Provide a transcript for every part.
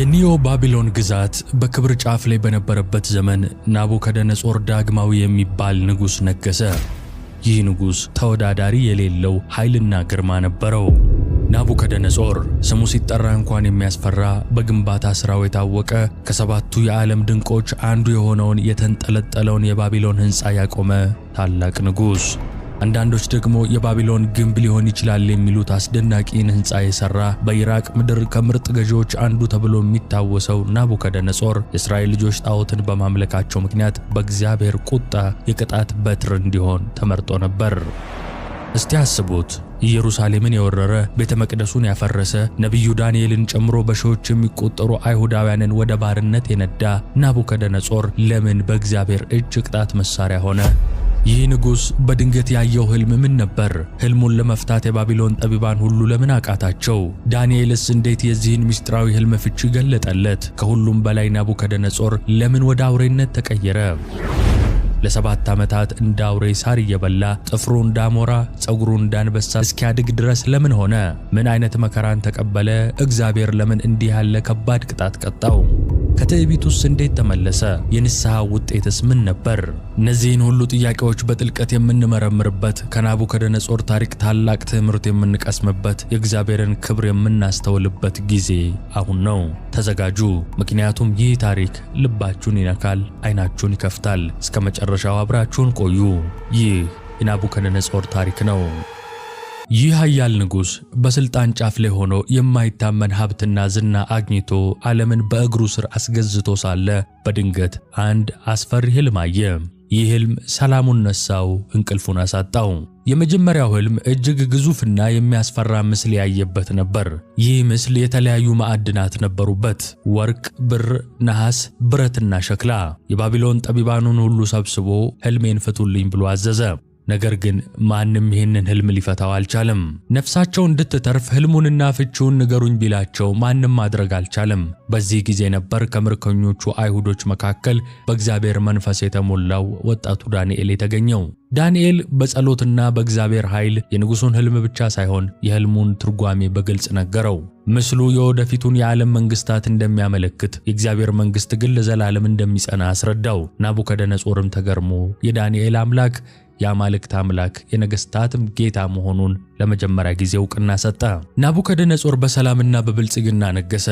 የኒዮ ባቢሎን ግዛት በክብር ጫፍ ላይ በነበረበት ዘመን ናቡከደነጾር ዳግማዊ የሚባል ንጉሥ ነገሰ። ይህ ንጉሥ ተወዳዳሪ የሌለው ኃይልና ግርማ ነበረው። ናቡከደነጾር ስሙ ሲጠራ እንኳን የሚያስፈራ በግንባታ ሥራው የታወቀ ከሰባቱ የዓለም ድንቆች አንዱ የሆነውን የተንጠለጠለውን የባቢሎን ሕንፃ ያቆመ ታላቅ ንጉሥ አንዳንዶች ደግሞ የባቢሎን ግንብ ሊሆን ይችላል የሚሉት አስደናቂን ህንፃ የሰራ በኢራቅ ምድር ከምርጥ ገዢዎች አንዱ ተብሎ የሚታወሰው ናቡከደነጾር የእስራኤል ልጆች ጣዖትን በማምለካቸው ምክንያት በእግዚአብሔር ቁጣ የቅጣት በትር እንዲሆን ተመርጦ ነበር። እስቲ አስቡት ኢየሩሳሌምን የወረረ ቤተ መቅደሱን ያፈረሰ ነቢዩ ዳንኤልን ጨምሮ በሺዎች የሚቆጠሩ አይሁዳውያንን ወደ ባርነት የነዳ ናቡከደነጾር ለምን በእግዚአብሔር እጅ ቅጣት መሳሪያ ሆነ? ይህ ንጉሥ በድንገት ያየው ህልም ምን ነበር? ህልሙን ለመፍታት የባቢሎን ጠቢባን ሁሉ ለምን አቃታቸው? ዳንኤልስ እንዴት የዚህን ምስጢራዊ ህልም ፍቺ ገለጠለት? ከሁሉም በላይ ናቡከደነጾር ለምን ወደ አውሬነት ተቀየረ? ለሰባት ዓመታት እንደ አውሬ ሳር እየበላ ጥፍሩ እንዳሞራ ፀጉሩ እንዳንበሳ እስኪያድግ ድረስ ለምን ሆነ? ምን አይነት መከራን ተቀበለ? እግዚአብሔር ለምን እንዲህ ያለ ከባድ ቅጣት ቀጣው? ከትዕቢቱስ እንዴት ተመለሰ? የንስሐ ውጤትስ ምን ነበር? እነዚህን ሁሉ ጥያቄዎች በጥልቀት የምንመረምርበት፣ ከናቡከደነጾር ታሪክ ታላቅ ትምህርት የምንቀስምበት፣ የእግዚአብሔርን ክብር የምናስተውልበት ጊዜ አሁን ነው። ተዘጋጁ፣ ምክንያቱም ይህ ታሪክ ልባችሁን ይነካል፣ አይናችሁን ይከፍታል። እስከ መጨረሻው አብራችሁን ቆዩ። ይህ የናቡከደነጾር ታሪክ ነው። ይህ ኃያል ንጉሥ በሥልጣን ጫፍ ላይ ሆኖ የማይታመን ሀብትና ዝና አግኝቶ ዓለምን በእግሩ ሥር አስገዝቶ ሳለ በድንገት አንድ አስፈሪ ሕልም አየ። ይህ ሕልም ሰላሙን ነሳው፣ እንቅልፉን አሳጣው። የመጀመሪያው ሕልም እጅግ ግዙፍና የሚያስፈራ ምስል ያየበት ነበር። ይህ ምስል የተለያዩ ማዕድናት ነበሩበት፤ ወርቅ፣ ብር፣ ነሐስ፣ ብረትና ሸክላ። የባቢሎን ጠቢባኑን ሁሉ ሰብስቦ ሕልሜን ፍቱልኝ ብሎ አዘዘ። ነገር ግን ማንም ይህንን ህልም ሊፈታው አልቻለም። ነፍሳቸው እንድትተርፍ ህልሙንና ፍቺውን ንገሩኝ ቢላቸው ማንም ማድረግ አልቻለም። በዚህ ጊዜ ነበር ከምርኮኞቹ አይሁዶች መካከል በእግዚአብሔር መንፈስ የተሞላው ወጣቱ ዳንኤል የተገኘው። ዳንኤል በጸሎትና በእግዚአብሔር ኃይል የንጉሡን ህልም ብቻ ሳይሆን የህልሙን ትርጓሜ በግልጽ ነገረው። ምስሉ የወደፊቱን የዓለም መንግስታት እንደሚያመለክት፣ የእግዚአብሔር መንግስት ግን ለዘላለም እንደሚጸና አስረዳው። ናቡከደነጾርም ተገርሞ የዳንኤል አምላክ የአማልክት አምላክ የነገሥታትም ጌታ መሆኑን ለመጀመሪያ ጊዜ እውቅና ሰጠ። ናቡከደነጾር በሰላምና በብልጽግና ነገሰ።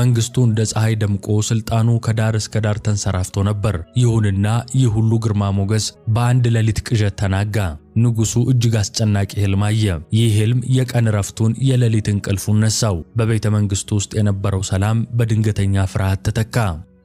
መንግሥቱ እንደ ፀሐይ ደምቆ ሥልጣኑ ከዳር እስከ ዳር ተንሰራፍቶ ነበር። ይሁንና ይህ ሁሉ ግርማ ሞገስ በአንድ ሌሊት ቅዠት ተናጋ። ንጉሡ እጅግ አስጨናቂ ሕልም አየ። ይህ ሕልም የቀን ረፍቱን የሌሊት እንቅልፉን ነሳው። በቤተ መንግሥቱ ውስጥ የነበረው ሰላም በድንገተኛ ፍርሃት ተተካ።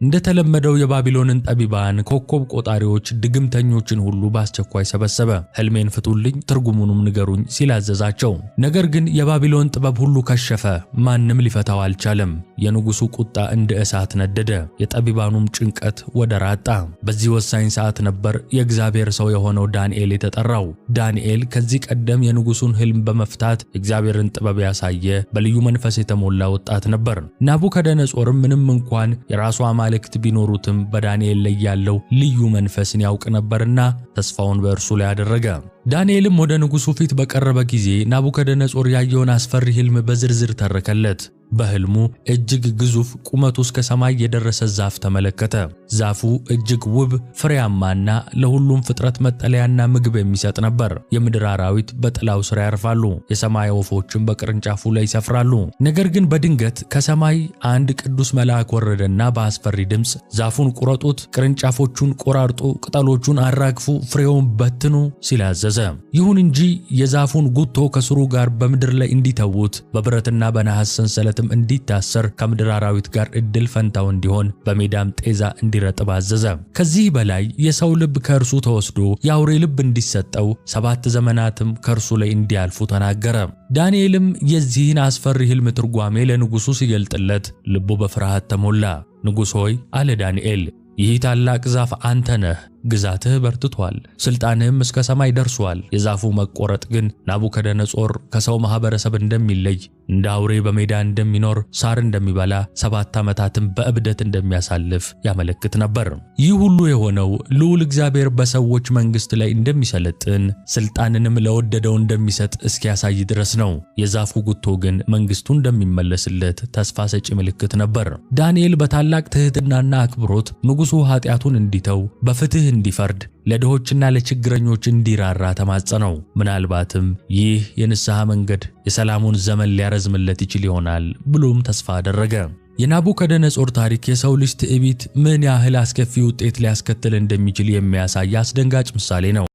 እንደተለመደው የባቢሎንን ጠቢባን፣ ኮከብ ቆጣሪዎች፣ ድግምተኞችን ሁሉ በአስቸኳይ ሰበሰበ። ሕልሜን ፍቱልኝ፣ ትርጉሙንም ንገሩኝ ሲላዘዛቸው። ነገር ግን የባቢሎን ጥበብ ሁሉ ከሸፈ፣ ማንም ሊፈታው አልቻለም። የንጉሡ ቁጣ እንደ እሳት ነደደ፣ የጠቢባኑም ጭንቀት ወደ ራጣ። በዚህ ወሳኝ ሰዓት ነበር የእግዚአብሔር ሰው የሆነው ዳንኤል የተጠራው። ዳንኤል ከዚህ ቀደም የንጉሡን ሕልም በመፍታት የእግዚአብሔርን ጥበብ ያሳየ በልዩ መንፈስ የተሞላ ወጣት ነበር። ናቡከደነጾርም ምንም እንኳን የራሱ አማ አማልክት ቢኖሩትም በዳንኤል ላይ ያለው ልዩ መንፈስን ያውቅ ነበርና ተስፋውን በእርሱ ላይ አደረገ። ዳንኤልም ወደ ንጉሡ ፊት በቀረበ ጊዜ ናቡከደነጾር ያየውን አስፈሪ ሕልም በዝርዝር ተረከለት። በህልሙ እጅግ ግዙፍ ቁመቱ እስከ ሰማይ የደረሰ ዛፍ ተመለከተ። ዛፉ እጅግ ውብ፣ ፍሬያማና ለሁሉም ፍጥረት መጠለያና ምግብ የሚሰጥ ነበር። የምድር አራዊት በጥላው ስር ያርፋሉ፣ የሰማይ ወፎችም በቅርንጫፉ ላይ ይሰፍራሉ። ነገር ግን በድንገት ከሰማይ አንድ ቅዱስ መልአክ ወረደና በአስፈሪ ድምፅ ዛፉን ቁረጡት፣ ቅርንጫፎቹን ቆራርጡ፣ ቅጠሎቹን አራግፉ፣ ፍሬውን በትኑ ሲል አዘዘ። ይሁን እንጂ የዛፉን ጉቶ ከስሩ ጋር በምድር ላይ እንዲተዉት በብረትና በነሐስ ሰንሰለት ምክንያትም እንዲታሰር ከምድር አራዊት ጋር እድል ፈንታው እንዲሆን በሜዳም ጤዛ እንዲረጥብ አዘዘ። ከዚህ በላይ የሰው ልብ ከእርሱ ተወስዶ የአውሬ ልብ እንዲሰጠው ሰባት ዘመናትም ከእርሱ ላይ እንዲያልፉ ተናገረ። ዳንኤልም የዚህን አስፈሪ ሕልም ትርጓሜ ለንጉሡ ሲገልጥለት ልቡ በፍርሃት ተሞላ። ንጉሥ ሆይ አለ ዳንኤል ይህ ታላቅ ዛፍ አንተ ነህ ግዛትህ በርትቷል፣ ስልጣንህም እስከ ሰማይ ደርሷል። የዛፉ መቆረጥ ግን ናቡከደነጾር ከሰው ማህበረሰብ እንደሚለይ እንደ አውሬ በሜዳ እንደሚኖር ሳር እንደሚበላ ሰባት ዓመታትን በእብደት እንደሚያሳልፍ ያመለክት ነበር። ይህ ሁሉ የሆነው ልዑል እግዚአብሔር በሰዎች መንግሥት ላይ እንደሚሰለጥን ስልጣንንም ለወደደው እንደሚሰጥ እስኪያሳይ ድረስ ነው። የዛፉ ጉቶ ግን መንግሥቱ እንደሚመለስለት ተስፋ ሰጪ ምልክት ነበር። ዳንኤል በታላቅ ትሕትናና አክብሮት ንጉሡ ኃጢአቱን እንዲተው በፍትህ እንዲፈርድ ለድሆችና ለችግረኞች እንዲራራ ተማጸነው። ምናልባትም ይህ የንስሐ መንገድ የሰላሙን ዘመን ሊያረዝምለት ይችል ይሆናል ብሎም ተስፋ አደረገ። የናቡከደነጾር ታሪክ የሰው ልጅ ትዕቢት ምን ያህል አስከፊ ውጤት ሊያስከትል እንደሚችል የሚያሳይ አስደንጋጭ ምሳሌ ነው።